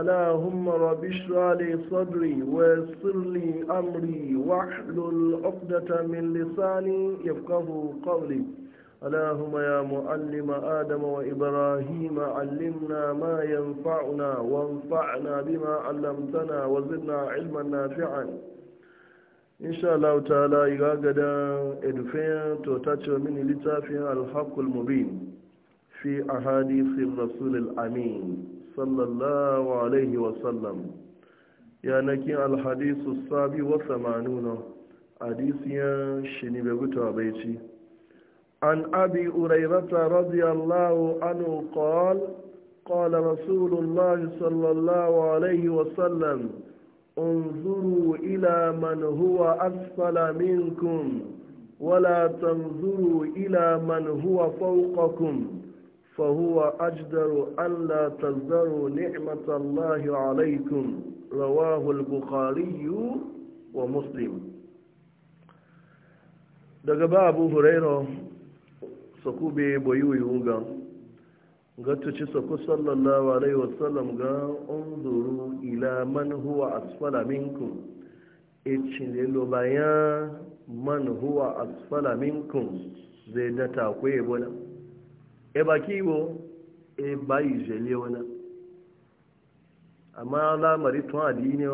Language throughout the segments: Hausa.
اللهم رب اشرح لي صدري ويسر لي امري واحلل عقدة من لساني يفقه قولي اللهم يا معلم ادم وابراهيم علمنا ما ينفعنا وانفعنا بما علمتنا وزدنا علما نافعا ان شاء الله تعالى يغدا ادفين توتاتشو من لتافين الحق المبين في احاديث الرسول الامين sallallahu alaihi wasallam yanakin alhadisu sabi wasa manuna hadisiyan shi ne bai gutu bai ci an abi urairata radiyallahu anu qal قال رسول الله صلى الله عليه وسلم انظروا إلى من هو أسفل منكم ولا تنظروا إلى من هو فوقكم فهو أجدر ألا تزدروا نعمة الله عليكم رواه البخاري ومسلم daga ba abu huraira saku be boyu yunga gatuci saku sallallahu alaihi wasallam ga unzuru ila man huwa asfala minkum icilelo bayan man huwa asfala zai da takwaye bolan eba kiwo e ba izele wani amma lamari tun adini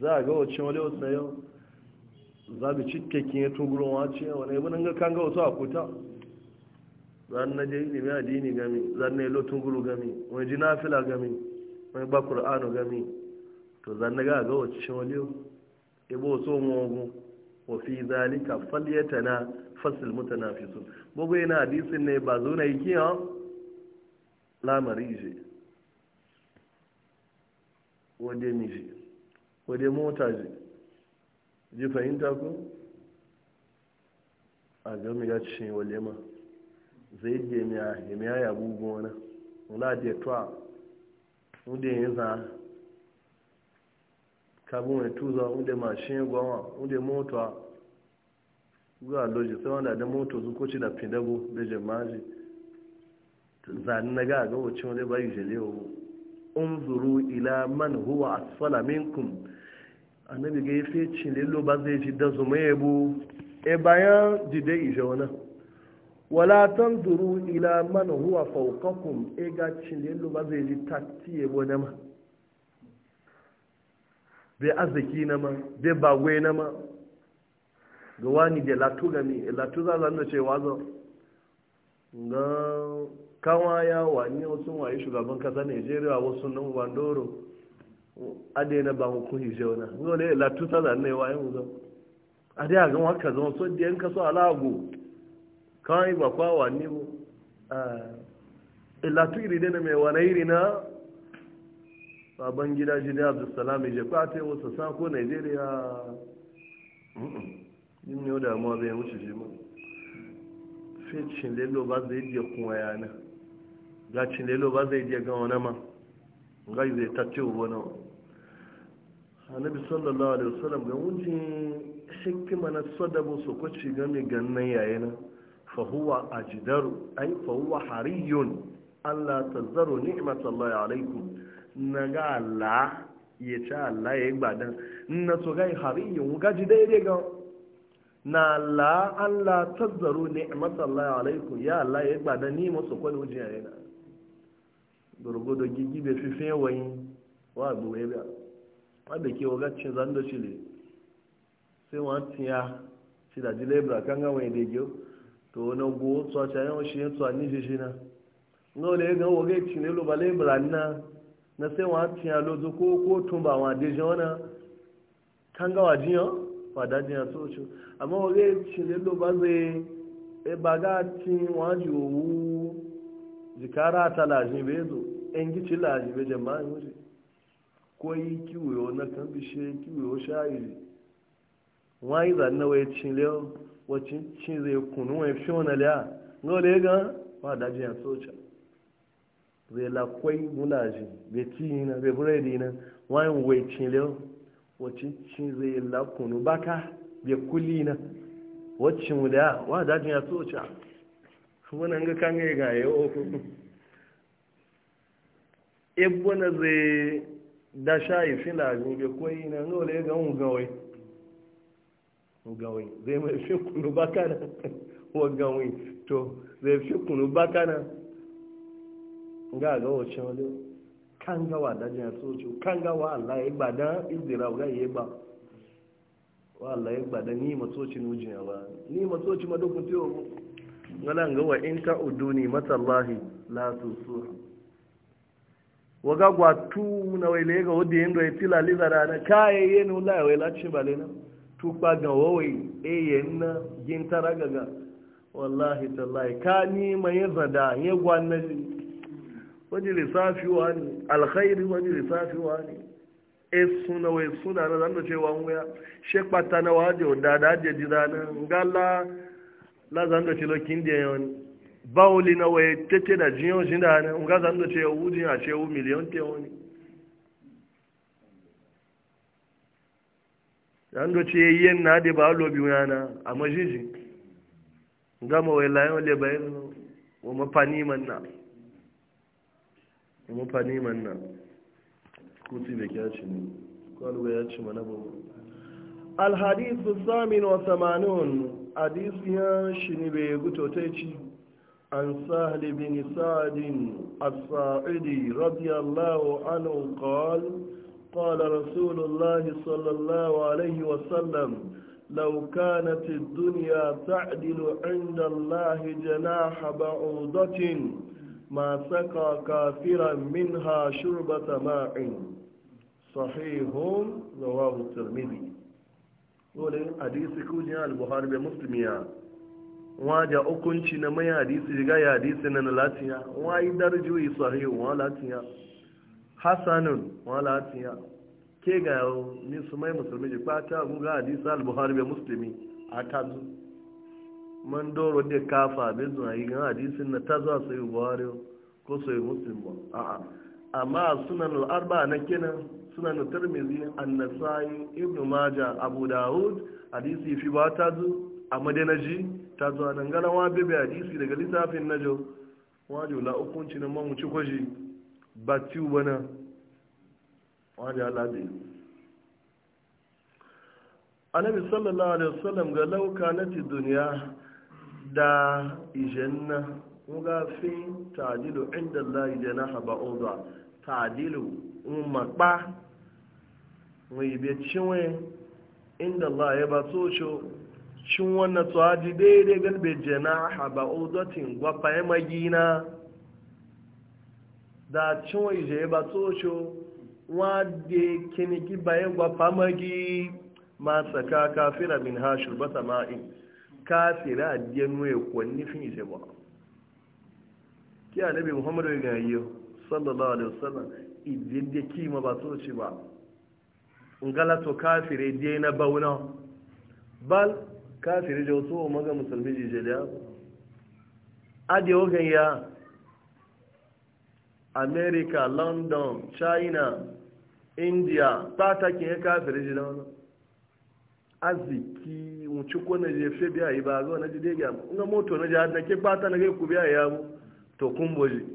za a ga wacce wale wasu yau za bi cikakkin ya tuburon wace wani ibi ne kan ga wasu a kuta zan na je ilimi adini gami zan na ilo tunguru gami wani ji na nafila gami wani ba kur'anu gami to zan na ga ga wacce wale ibi wasu wani ogun wafi zalika falyata na fasil mutanafisun gbogbo yana hadisin ne ba zo na yi kiyan lamari je wade miji wade mota je ji fahimta ku a gami ya ce wale ma zai je miya ya miya ya bugu wani wula je tuwa wude yin za kabin wani tuzo wude mashin gwawa wude mota zuwa loji sai wanda da moto su koci da fidago da jamaji zanen na gaga ga wacce wani bayi jalewa unzuru ila man huwa asfala minkum annabi ga yafe cin lillo ba zai ji da zuma bu e bayan jide ishe wani wala zuru ila man huwa faukakun e ga cin lillo ba zai ji tatti ya na ma bai arziki na ma bai bagwai na ma ga wani da latu gani latu za zan da ce wazo na kawa ya wani wasu waye shugaban kasa Nigeria wasu nan bandoro na ba mu kun wani ne wani latu ta zan ne waye mu zo a ga waka zo so diyan ka so alago kai ba kwa wani mu a eh, latu iri dena me wani iri na baban gida jini abdulsalam ya je kwate wasu sako Najeriya yin yau damuwa bai wuce shi ma fecin lelo ba zai iya kuma yana gacin lelo ba zai iya gawa nama gai zai tace wa nama annabi sallallahu alaihi wasallam ga wujin hikima na sadabu su kwaci game gannan yayana fa huwa ajdaru ay fa hariyun Allah tazzaru ni'matallahi alaikum naga Allah ya ci Allah ya gbadan na so hari hariyun gaji daidai ga na la Allah tazaru ni'mat Allah alaikum ya Allah ya gbada ni mo sokon uji ayina gurgudo gigi be fi fin wayin wa bu we ba wanda ke waga cin zando chile sai wa tiya ti da dile bra kan ga wayin dejo to no go so cha yon shi to ani shi shi na no le ga waga cin lo ba bra na na sai wa tiya lo zo ko ko tumba wa dejo na kan ga wajin yo fàdájì àtúnṣe àmọ́ orí ìṣẹ̀lẹ̀ ló bá ṣe ẹbàgá tí wọ́n jù òwú jìkárà àtàlàjì bẹ́ẹ̀dù ẹnjí tí làjì bẹ́ẹ̀jẹ̀ máa ń rí kó yí kíwì ọ̀nà kan bí ṣe kíwì ó ṣáàyè wọ́n yí ìdánilẹ́wọ̀ ìṣẹ̀lẹ̀ wọ́n ti ń ṣe kùnú ẹ̀ fi lẹ́à gan rẹ̀ làkọ́ ìmúlàjì bẹ́ẹ̀ tí na bẹ́ẹ̀ búrẹ́dì na wọ́n ń wọ ìṣẹ̀lẹ̀ wacin zai yi lakonu baka ya kuli na wacin da wa dajin ya tsoca wani ga kan yi ga yawo ebe na zai da shayi fila ya kwayi na ga wale ga ngawai ngawai zai mai fi kunu baka na wa gawai to zai fi kunu baka na ga ga wacin wale kangawa da jina socho kangawa Allah ya yi dan izira ga ya gba wa Allah ya gba dan ni matsoci no jina ba ni matsoci ma dukun tiyo ngala ga wa in ta uduni matallahi la su waga gwa tu na wele ga odi ndo e tila liza da na kaye yenu la wele chi balena tu pa ga wo e yenna gintara ga ga wallahi tallahi ka ni mai zada ye gwanna wani lissafi wa ne alkhairi wani lissafi wa ne e suna wai suna na zanda cewa wuya shekpata na waje da da ajiye jira na ngala la zanda ce lokin da yawan bawuli na wai tete da jiyon shi da na nga zanda ce wujin e a ce miliyon te wani zanda ce e yen na de ba lobi wuyana a majijin gama wai layan lebayin wa e man na. mafani manna kuti da ci ne ya ci mana alhadisu samin wa samanin hadisiyan shi ne bai guto ta ci an sahli bin sa'adin as radiyallahu anhu qal قال رسول الله alaihi الله لو كانت الدنيا تعدل عند الله جناح بعوضة ma saka kafiran min ha shurba sama'in sahihun zawawun turmini wani hadisi kujin al-buhari bai musulmiya wajen hukunci na mai hadisi riga ya hadisi na latiya wai darjuyi sahihun wa latiya hassanin wa latiya ke ga ni su mai musulmi ji kwata guga hadisi al-buhari bai musulmi a tazu man doro de kafa bai ayi yi gan hadisin na tazo sai buhari ko sai muslim ba a amma sunan al-arba na kenan sunan an-nasai ibnu maja abu da'ud hadisi fi ba tazo a madinaji tazo an gana wa bebe hadisi daga littafin najo wajo la hukunci na mamuci kwaji batiu bana wajo alabi annabi sallallahu alaihi wasallam ga lauka laukanatin duniya da ijenna nga fi ta'dilu inda Allah haba ba'udha ta'dilu umma pa mai be cinwe inda Allah ya ba so cin wannan to haji daidai jena be janaha ba'udatin gwa pa magina da cinwe je ba so cho wa de kiniki bayan gwa pa magi ma saka kafira min hashur bata ma'in kafiri addinu ya kwanni fin ise ba ki annabi muhammad ya ga yiyo sallallahu alaihi wasallam idin da kima ba so ci ba ngala to kafire dai na bauna bal kafire da so maga musulmi ji je da o ogan ya america london china india tata take kafire ji da wannan aziki wuce na jefe biya yi ba zuwa na ji dai ya na moto na jihar na ke bata na gai ku biya ya mu to kun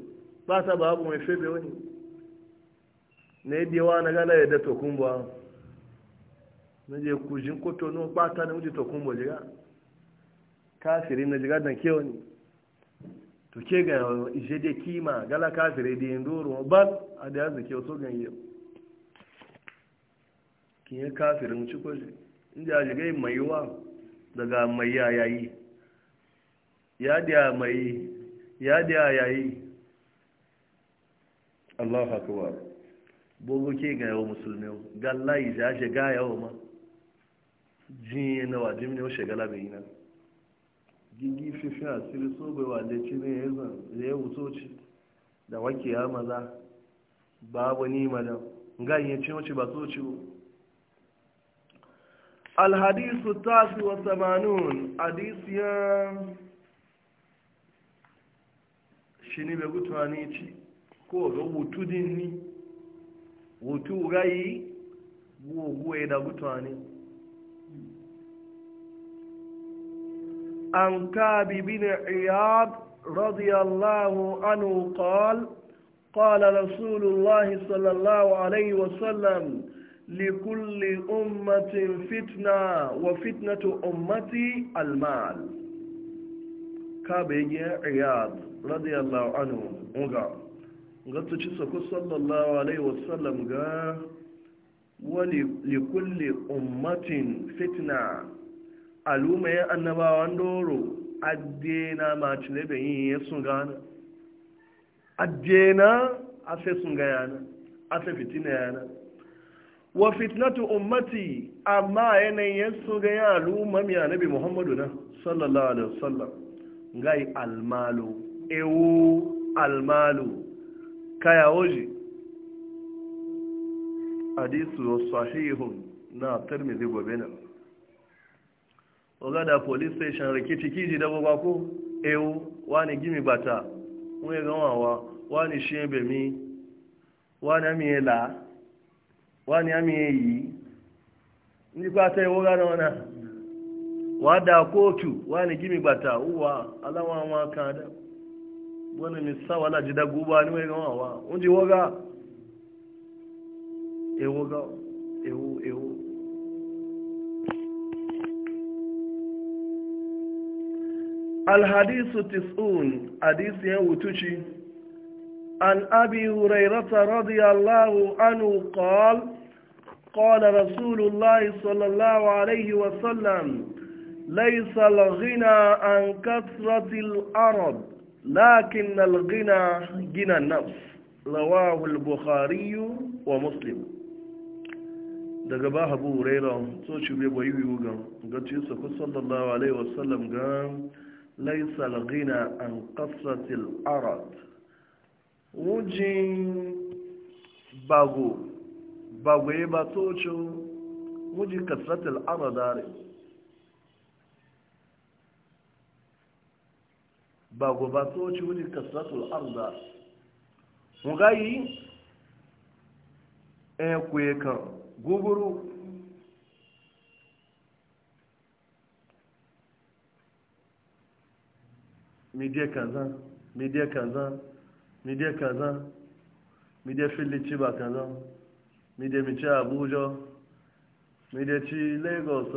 bata ba abu mai febe wani na yi biyawa na gana yadda to kun ba na je ku jin ko bata na wuce to kun boje ga na jiga dan ke wani to ke ga ije da kima gala kafiri da yin doro ba a da arziki wasu ganye kin yi kafirin ci kwaje ndị a shiga mai daga mai ya yayi ya da mai ya da yayi Allah akbar bogo ke ga yawo musulmi gallahi ya shiga yawo ma jin na wa jimne o shagala labe yana gigi fifin asiri so bai wa da cinin ya zan ya wutoci da wake ya maza babu ni madan ganyen cin wuce ba so ciwo الحديث التاسع والثمانون حديث يا شنو بيقولوا انيتي كو هو تديني هو تو هو هو ايدا غتواني عن كعب بن عياض رضي الله عنه قال قال رسول الله صلى الله عليه وسلم likulli ummatin fitna wa fitnatu ummati almal ka begin riyad radiyallahu anhu Nga gatsu ci sako sallallahu alaihi wasallam ga wani likulli ummatin fitna aluma ya annabawan doro addena ma cile da yi ya sun gana addena a sai sun ga yana a sai fitina yana wa fitnatu ummati amma yanayin su ga yalu mami annabi muhammadu na sallallahu alaihi wasallam ngai almalu ewu almalu kaya oji hadisu sahihun na tirmidhi gobena oga da police station rikici kiji da baba ko ewu wani gimi bata wani wa wani shebe mi wani miela wani ami yi ndị kwata iwoga n'ọna wada kotu wani gimi gbata uwa alawa nwa wani misa wala jida guba ni wani gawa ndị woga ewoga ewu ewu الحديث تسعون حديث يوتشي عن أبي هريرة رضي الله Anhu قال رسول الله صلى الله عليه وسلم ليس الغنى عن كثرة الأرض لكن الغنى غنى النفس رواه البخاري ومسلم daga ba habu raira so ci bai bayu yiwu ga gaci su ku sallallahu alaihi wasallam ga laisa lagina an kasratil arad wujin bago ba gwaye ba tocin wuji kasratul aradare ba gwa ba to ce wuji kasratul aradare mu gayi ɗaya eh, kuye kan guguru midye kaza midye kaza midye kaza midye filici ba kaza Mi midemice abuja mideci lagos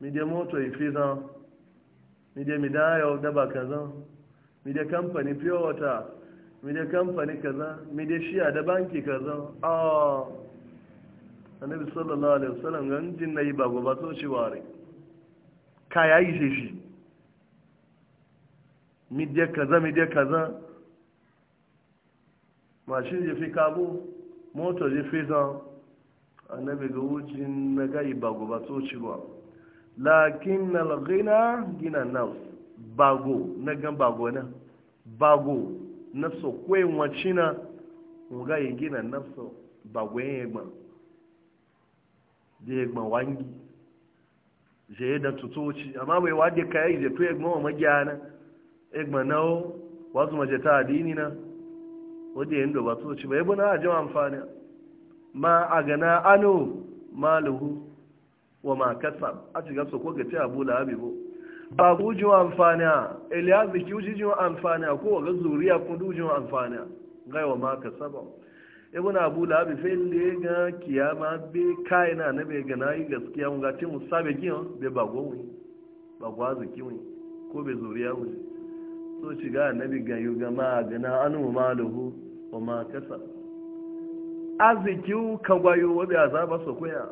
mide moto e ifizan mide midayo daba kaza mide kamfani pure water mide kamfani kaza mide shiya da banki kaza ah annabi sallallahu alaihi wasallam gan jin na yi ba goba so ci ware kaya yi shi shi mide kaza mide kaza mashin je fi kabo moto ji fita annabi ga wucin na gai bago ba ci ba lakin na lagina gina na bago na gan bago na bago na na wacina yi gina nafsa bago yin egban da egban wangi je da ci amma mai wadda kayan je to egban wa magiyana egban na o wasu majata adini na wadda yin da su ci bai buna a jima amfani ma a gana anu maluhu wa ma kasa a ci gasa ko gaci abu lahabi bo ba ku ji amfani a iliyazi ki uji ji amfani a kowa ga zuriya kun du ji amfani a gai wa ma kasa ba ibn abu lahabi fe le ga kiyama be kai na na be gana yi gaskiya mun ga ce musabe giyan be ba gowi ba gwazi kiwi ko be zuriya wuce so shiga annabi gayu gama gana anu maluhu wa ma kasa arziki ka gwayo wa bi azaba so koya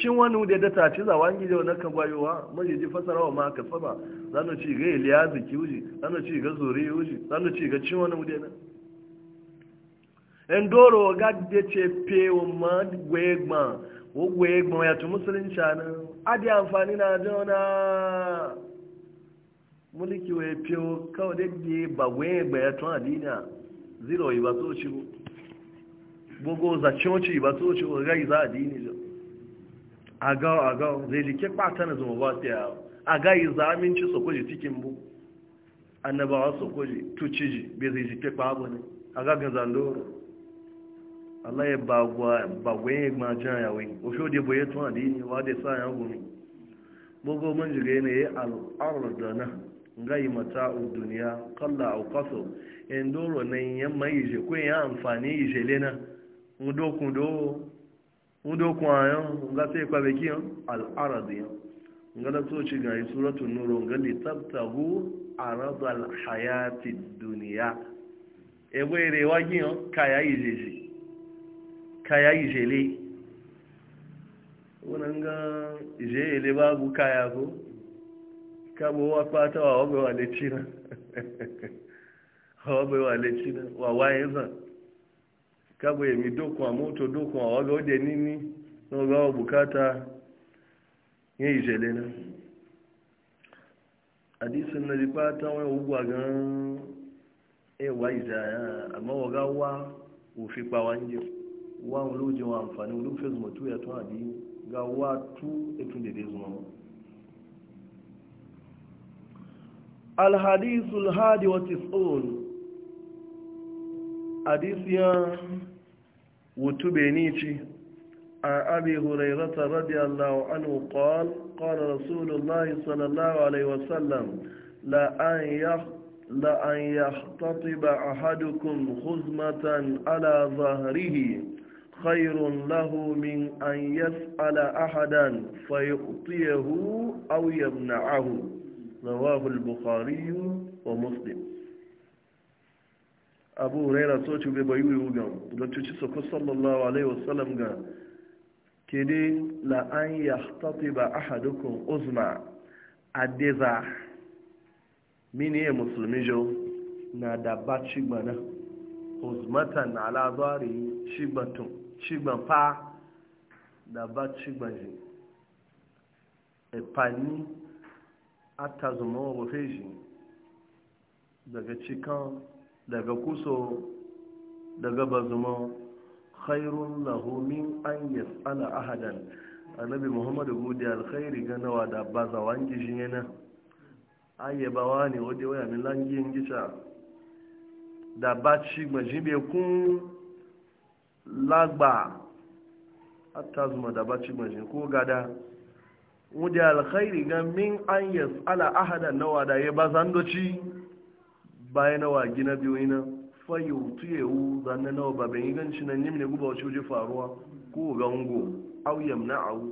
shin wani da da tace za wangi da wannan ka gwayo wa mai ji fasara wa ma kasa ba zanu ci ga ili arziki uji zanu ci ga zuri uji zanu ci ga cin wani da na endoro ga de ce pe wa ma gwegma wo gwegma ya tu musulunci anan adi amfani na jona mulki wa ya fiyo kawai da ke bagwaye bayatun adina zira yi ba so ci gbogbo zacinci ba so ci yi za adini jo agawo agawo zai jike kpata na zuma ba su yawo yi za aminci sokoji cikin bu annabawa sokoji tuci ji bai zai jike kpabo ne agagan zandoro Allah ya bagwaye majiya yawon ofio da bayatun adini wa da sa yawon gumi gbogbo manjiga yanayi al'arar da na ngai mata'u duniya kalla au kaso en doro nan yamma yije ko ya amfani yije lena ndokun do ndokun nga sai kwa beki al aradi nga da to ci ga suratul nur nga li tabtahu arad al hayati duniya. e were wagi on kaya yije kaya yije le wannan ga yije le babu kaya ko kamun wa fata wa wabe wa lecina wa wabe wa lecina wa waye zan kabo yemi dokun a moto dokun a waga ode nini na waga wa bukata yin ijele na hadisin na ripata wani ugwa gan ewa izaya amma waga wa ofi pawa nje wa olojin wa amfani olufes mutu ya tun abi ga wa tu etun dede zuma alhadisul hadi wa tis'un hadithia wutubenichi abi hurairah radhiyallahu anhu qala qala rasulullah sallallahu alayhi wa sallam la an yah la ahadukum khuzmatan ala dhahrihi khairun lahu min an yas'ala ahadan fayuqtiyahu aw yamna'ahu rawahu al-bukhari wa muslim abu huraira so ci bai bayu yu gan ko sallallahu alaihi wasallam ga kede la an yahtatiba ahadukum uzma adeza mini ya musulmi jo na da ba cigbana uzmatan ala zari cigbatun da ba epani atta zuma wa bufe shi daga cikin daga kuso daga zama khairun lahu min an yas'ala ahadan annabi Muhammadu, gudi alkhairi ganawa da za wangi shi yana ayyabawa ne wadda waya min langi gisa da ba ci majibe kun lagba atta zuma da ba ci majibe ko gada wuda alkhairi ga min an yas'ala ahada nawa da ya ba zandoci bayan nawa gina biyu ina fayu tuyewu zanna nawa ba ban yi ganci nan nimne guba wace wuje faruwa ko gango au yamna'u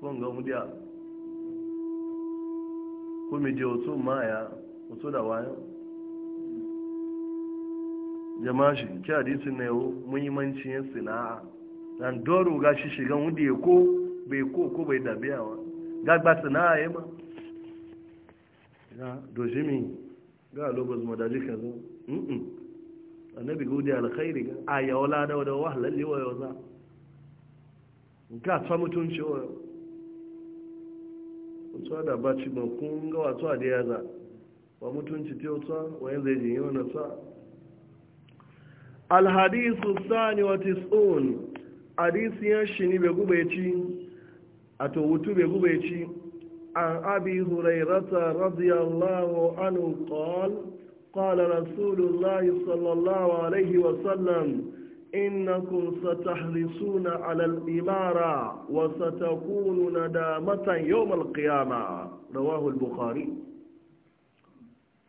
ko ga wuda ko me je wato maya wato da wayo jama'a shi ki hadisin ne muhimmancin sana'a dan doro ga shi shigan wuda ko bai ko ko bai dabiyawa gagba a yi ma ya doshi mi ga lobar zuma daji ka zo annabi gudi alkhairi ga a yawa da wadda wa halalli wa yau za ga ta mutunci wa yau wasu da ba ci ban kun ga wasu a da ya za wa mutunci ta yau wa yanzu ya jinyi wani sa alhadisu sani wa tis'un hadisiyan shi ne bai gube ci a to wutu bai gube ci an abi hurairata radiyallahu anhu qal qala rasulullahi sallallahu alaihi wa sallam innakum satahrisuna ala al-imara wa satakunu nadamatan yawm al-qiyama rawahu al-bukhari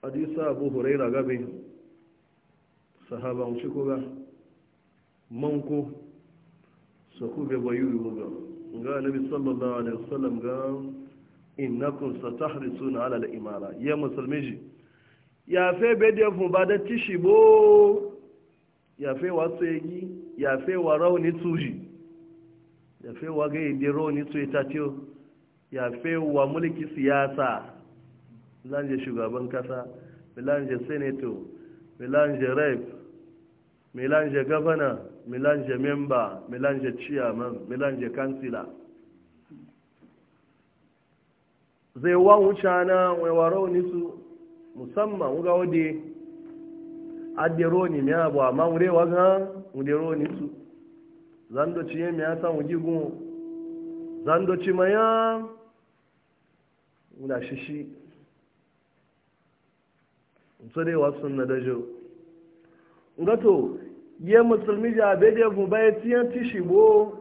hadisa abu hurairah gabe sahaban shi kuga manko so kube bayuyu mugan ga nabi sallallahu alaihi wasallam ga innakum satahrisuna ala al-imara ya musulmi ji ya fe be de fun ba da tishi bo ya fe wa tsoyi ya fe wa rauni tuji ya fe wa ga de rauni tsoyi ta tiyo ya fe wa mulki siyasa lanje shugaban kasa lanje senator lanje rep lanje governor milanje memba milanje chairman milanje kansila zai wa wuce na ni su musamman wuga wade adero ni mi abu amma wure waga wudero nisu zando ci yemi asa wujigu zando ci maya wuda shishi so dai wasu na dajo ngato ye musulmi ja be de bu bai ti yan tishi bo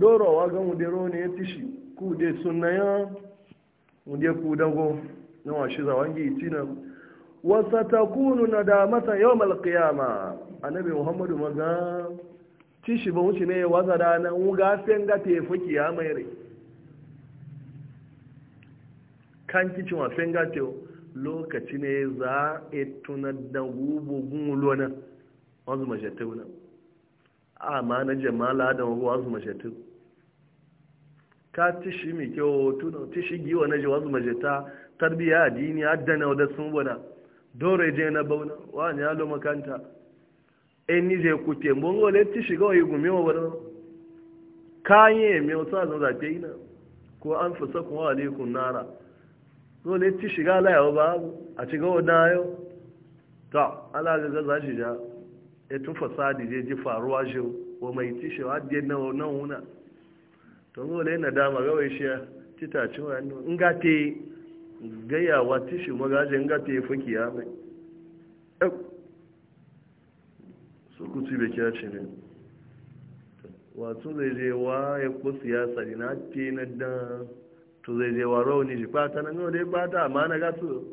doro wa ga mude ro ne tishi ku de sunna ya mude ku dango na wa shi zawangi tina wa satakunu nadamata yawm alqiyama annabi muhammadu maga tishi ba shi ne wa zada na u ga sen ga te fuki ya mai re kan ki wa sen ga te lokaci ne za etunan da gubu gun lona wanzu mashattu na a ma na jamala da wanzu mashattu ka tishi mai kyau tunan tishi giwa na ji wanzu ta tarbiya addini addana da sun bana dore je na bauna wani ya lo makanta en ni je kuke mbongo le tishi ga yi gumi wa bana kanye me wasa zafi yi na ko an fusa kuma alaikum nara so le tishi ga la yawa babu a ci ga wadayo ta ala ga ga zashi ja etun fasadi je ji faruwa shi wa mai tishe na wannan to dole yana da gawai shi tita ci wa in ga te gaya wa ga te fuki ya mai su ku ci be ci ne wato zai ya na te na dan to zai rauni ji fata nan dole ba amana ga su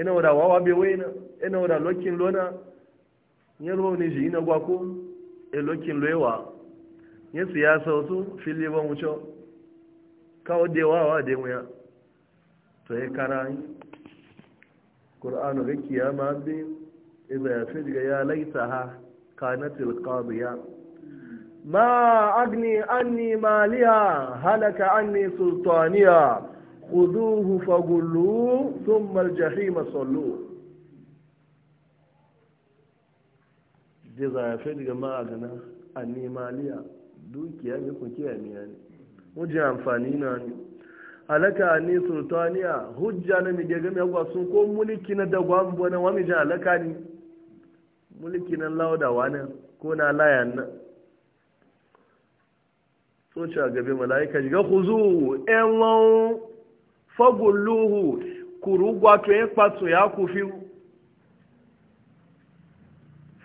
ina wawa be wena ina wada lokin lona nyero ni ji ina gwa ko e lokin lewa nye siyasa otu fili bo mucho ka o de wawa de muya to e karai qur'anu rikiya ma bi idza yafidga ya laitaha kanatil qadiya ma agni anni maliya halaka anni sultaniya خذوه فغلوه ثم الجحيم صلوه zai zafe daga ma'agana a nemaliya dukiya ne kun kiyaye miya ne wajen amfani na ne alaka ne sultaniya hujja na mi gaga mai agwa sun ko mulki na dagwan bona Wani mi ji alaka ne mulki na laudawa ne ko na layan na so ci a gabe mala'ika shiga ku zu ƴan fagulluhu kurugwa to ya kpatso ya kufi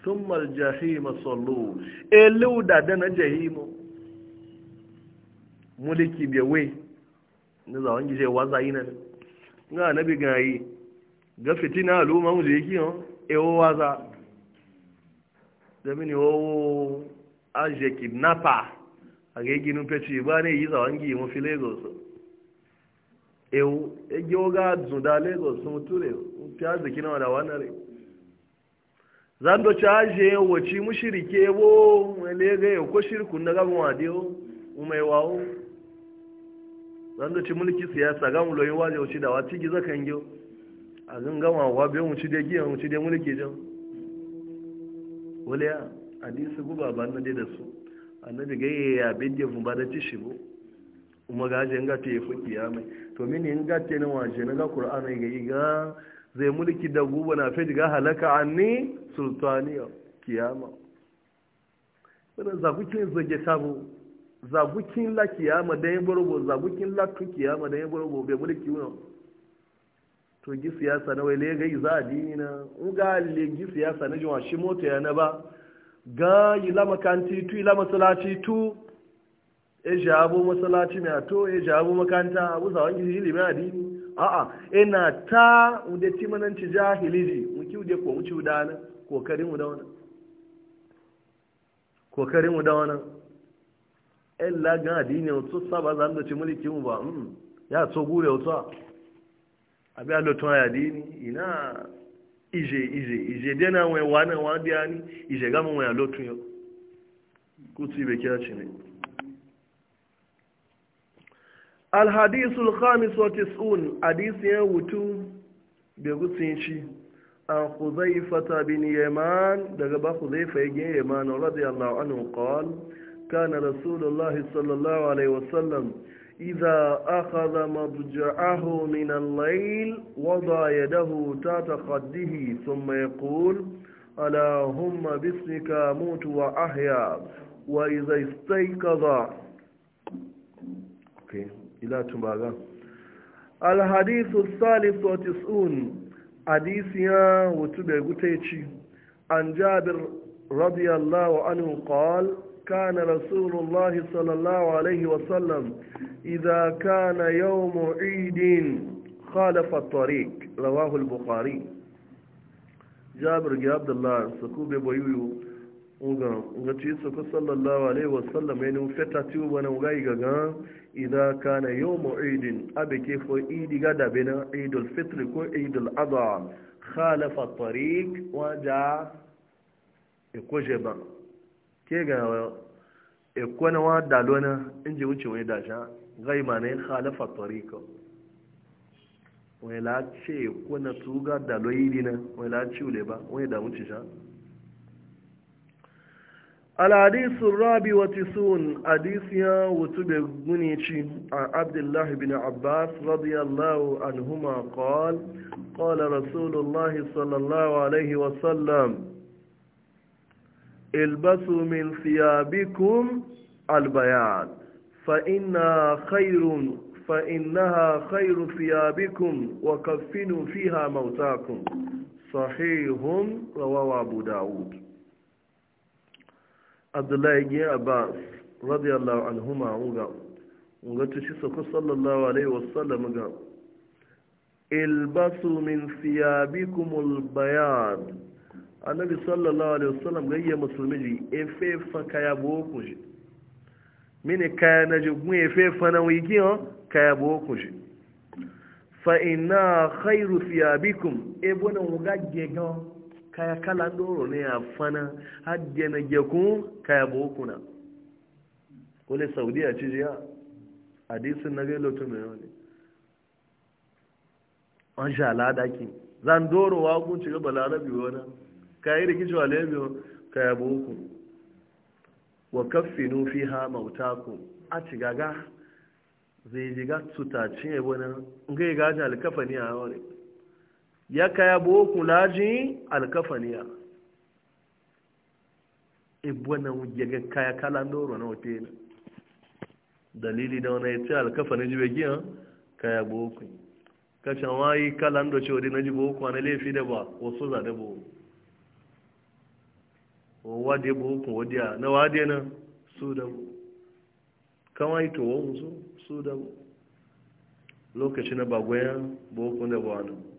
thumma aljahima sallu elu da dana jahimu muliki bewe na zawon gije waza yi nan na nabi gayi ga fitina al'umma e mu je kiyon ewo waza da mini o aje kidnapper a ga ginu peci ba ne yi zawon gi mu fi lagos ewu ege oga zunda lagos sun ture ta ziki na wadawa na rai zan do caje wace mushirike bo lega ya ko shirkun na gaban wadiyo umai wawo zan do ci mulki siyasa ga mu loyin waje wuce da wati giza kan gyo a gama wa biyan wuce da giyan wuce da mulki jan wale ya hadisi guba ba na dai da su annabi ga ya da mu ba da tishi bo magaje nga te fu kiyama to min in ga te waje na ga qur'ani ga iga zai mulki da guba na fe diga halaka anni sultaniya kiyama wannan zagukin zage sabu zagukin la kiyama da yin borgo zagukin la tu kiyama da yin borgo bai mulki wuna to gi siyasa na wai lega yi za dini na in ga legi siyasa na jiwa shi mota ya na ba ga yi la makanti tu la masalaci tu e jabo masalaci mai ato e jabo makanta abu za wani gizili mai adini a'a ina ta ude timananci jahiliji muki ude ko muci uda na kokarin uda wani kokarin uda wani en lagan adini otu saba za mu ci mulki mu ba hmm, ya so gure otu abi alotun adini ina ije ije ije dena wen wana wan biani ije gamu wen alotun yo kuti be kira chine alhadisul khamis wa tis'un hadisi ya wutu bai gutsin shi an huzaifata bin yaman daga ba huzaifa ya gina yaman radiyallahu anhu qal kana rasulullahi sallallahu alaihi wasallam إذا أخذ مضجعه من الليل وضع يده تحت خده ثم يقول اللهم باسمك أموت وأحيا وإذا استيقظ ila tumbaga alhadithu salis wa tis'un hadisi ya wutu bai gutaici an jabir radiyallahu anhu qal كان رسول الله صلى الله عليه وسلم إذا كان يوم عيد خالف الطريق رواه البخاري جابر عبد الله سكوب بيويو nga nga ci su sallallahu alaihi wasallam u nufi feta tiwo bana nga yi ga ida kana yawmu idin ke fo idi ga da bena idul fitr ko idul adha khalafa tariq wa ja ko ba ke ga e ko na wa dalona inji wuce wani sha gai ma ne khalafa tariq wai la ce ko na tuga daloyi dina wai la ci ule ba wai da wuce sha الحديث الرابع وتسعون حديثها وتبغنيشي عن عبد الله بن عباس رضي الله عنهما قال قال رسول الله صلى الله عليه وسلم البسوا من ثيابكم البياض فإنها خير فإنها خير ثيابكم وكفنوا فيها موتاكم صحيح رواه أبو داود abdullahi gina abbas radiyallahu anhuma unga unga tushi sako sallallahu alaihi wasallam ga ilbasu min siyabikumul bayan annabi sallallahu alaihi wasallam ga iya musulmi ji efe fa kaya oku ji mini kaya na ji gun efe fa na wigi ha kaya oku ji fa ina khairu siyabikum ebo na wuga gegan kaya kala doro ne ya fana hajjiya na jeku kaya bukuna. Wani saudiya ci jiya hadisun na gailotu mai wani an sha ladakin zan doro wa kun ci gaba larabi wani yi rikici wa lebe kaya bukuna. wa kaffinu fi ha ku a ci gaga zai jiga tutacin ebonin ga yi gaji alkafa ni a wani ya kaya boku laji alkafaniya ibwana wujege kaya kala ndoro na hoteli dalili da wani yace alkafani jibe giya kaya boku kashin wayi kala ndo ce wadi na ji boku na, laifi da ba wasu za da boku wadi boku wadi na wadi na su da boku kawai to wani su da bo lokaci na bagoyan boku da ba wani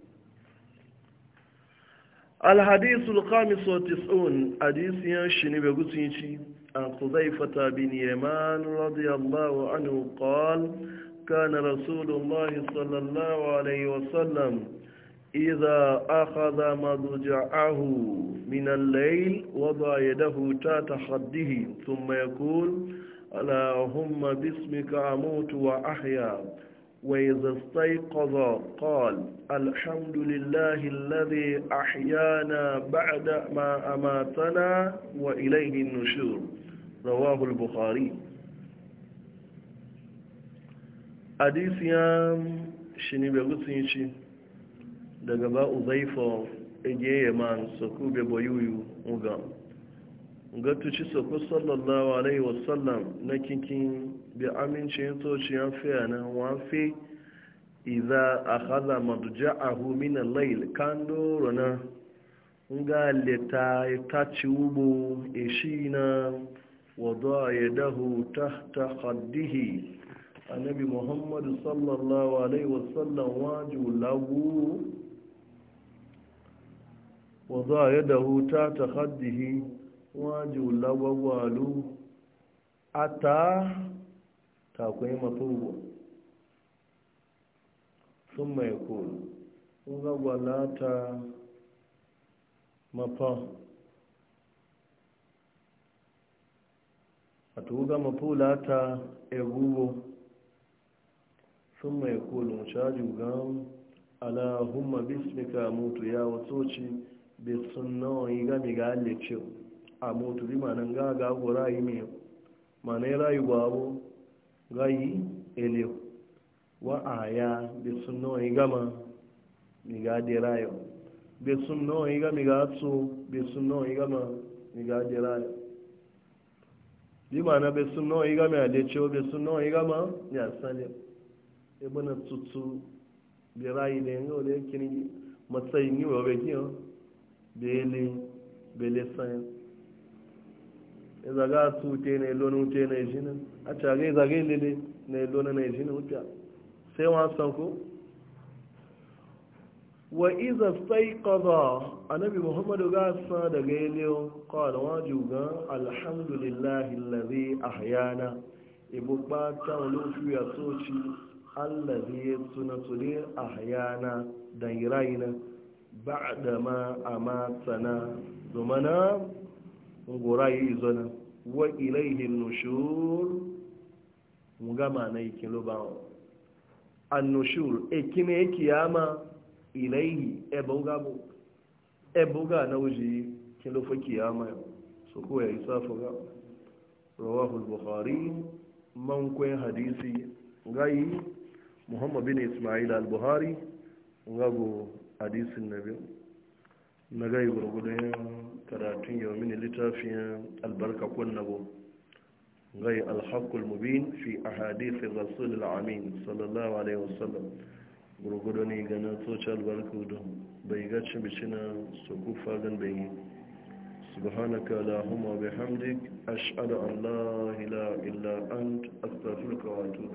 الحديث الخامس والتسعون حديث ينشني بقسيتي عن خزيفة بن يمان رضي الله عنه قال كان رسول الله صلى الله عليه وسلم إذا أخذ مضجعه من الليل وضع يده تحت خده ثم يقول اللهم باسمك أموت وأحيا وإذا استيقظ قال الحمد لله الذي أحيانا بعد ما أماتنا وإليه النشور رواه البخاري حديث يام شني بغسين شي daga ba uzaifa ejiye man مغام gatuci sako sallallahu alaihi wasallam na kinkin bi amincin tociyan fiya na wafe iza a haza maduja'ahu min al-lail kan doro na nga leta ta ci ubo ishi na wado ya dahu tahta khaddihi annabi muhammadu sallallahu alaihi wasallam waju lagu wado ya dahu tahta khaddihi wọ́n jù lágbàgbà ló àtà tàkùnrin mafúrúgbò súnmọ̀ ẹ̀kọ́ wọ́n gbàgbà láta mafa àtúgbà mafu láta ẹ̀gbúgbò súnmọ̀ ẹ̀kọ́ ló ṣáájú gan alahumma bismika mutu ya wasoci bisun nawa yi gami ga halicci a motu bi manan ga ga go rayi me manai rayu babu rayu ele wa aya bi sunno yi gama mi ga de rayu bi sunno yi gama ga so bi sunno yi gama mi ga de rayu bi mana bi sunno yi gama de cho bi sunno yi gama ya sale ibn tutsu bi rayu da ngo wani kini matsayi ni wa be kiyo bele bele sayan zaga su te na ilo na wuce na ejina a cagai zagai lele na ilo na ejina wuce sai wa san ko wa iza sai kaza anabi muhammadu ga sa da iliyo kawai waju ga alhamdulillahi lalazi a hayana ibu wani olufu ya soci allazi ya suna tsule a hayana don yi rayina ba da ma a matsana zumana ngora yi zona wa ihe nushur ma na ikin lobawo an nushur ekine ekiyama ilaihi ebogabo eboga na ojii kin kiyama so ko ya isafu ga rawahu al-bukhari man hadisi gayi muhammad bin ismail al buhari ngago hadisin nabi na gayi gurgudu karatun yau mini littafin albarka kunnabo gai alhakul mubin fi a hadithin rasul amin. sallallahu alaihi wasallam gurgudu ne gana tsoci albarka don bai gaci bicina su kufa gan bai yi subhanaka lahumma bihamdik ash'adu an la ila illa ant astaghfiruka wa atubu